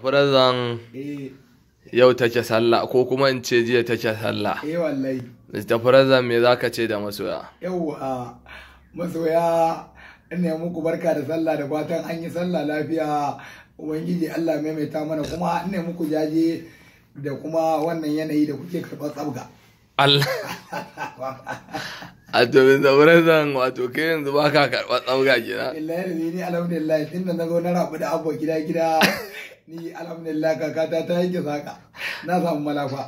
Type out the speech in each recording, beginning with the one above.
farazan eh. yau take sallah ko kuma in ce jiya take sallah eh wallahi tafarazan me zaka ce da masoya a masoya ina muku barka da sallah da fatan an yi sallah lafiya ubangiji Allah maimaita mana kuma ina muku jaje da kuma wannan yanayi da kuke karɓar tsabga Allah a to bin zauren zan wato kai yanzu ba ka karɓar tsauga gida illahi ne ni alhamdulillah tun da na zo na rabu da abuwa gida gida ni alhamdulillah kakata ta yanke saka na samu malafa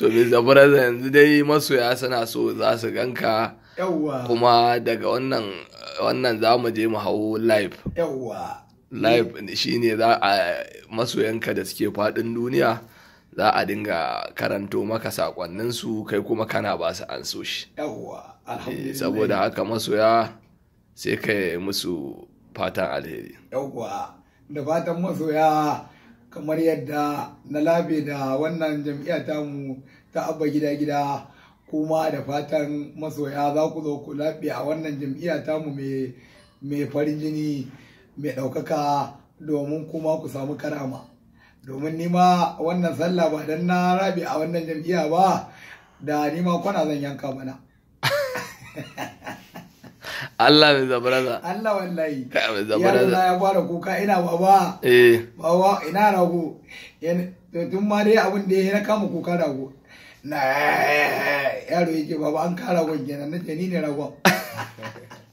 to bin zauren zan yanzu dai masoya suna so za su ganka kuma daga wannan wannan za mu je mu hau live yawwa live shine za a masoyanka da suke faɗin duniya za a dinga karanto maka sakonninsu kai kuma kana ba su an so shi saboda haka masoya sai kai musu fatan alheri yawwa da fatan masoya kamar yadda na labe da wannan jam'iyya tamu ta abba gida gida kuma da fatan masoya za ku zo ku labe a wannan jam'iyya tamu mai farin jini mai ɗaukaka domin kuma ku samu karama domin nima wannan sallah ba dan na rabi a wannan jam'iyya ba da nima kwana zan yanka mana Allah mai zabraza. Allah wallahi. Mai zabraza. Yalla ya fara kuka ina baba. Eh. Baba ina rago. To tun ma dai abin da ya kama kuka rago. Na yaro yake baba an kara ragon kenan na ni ne rago.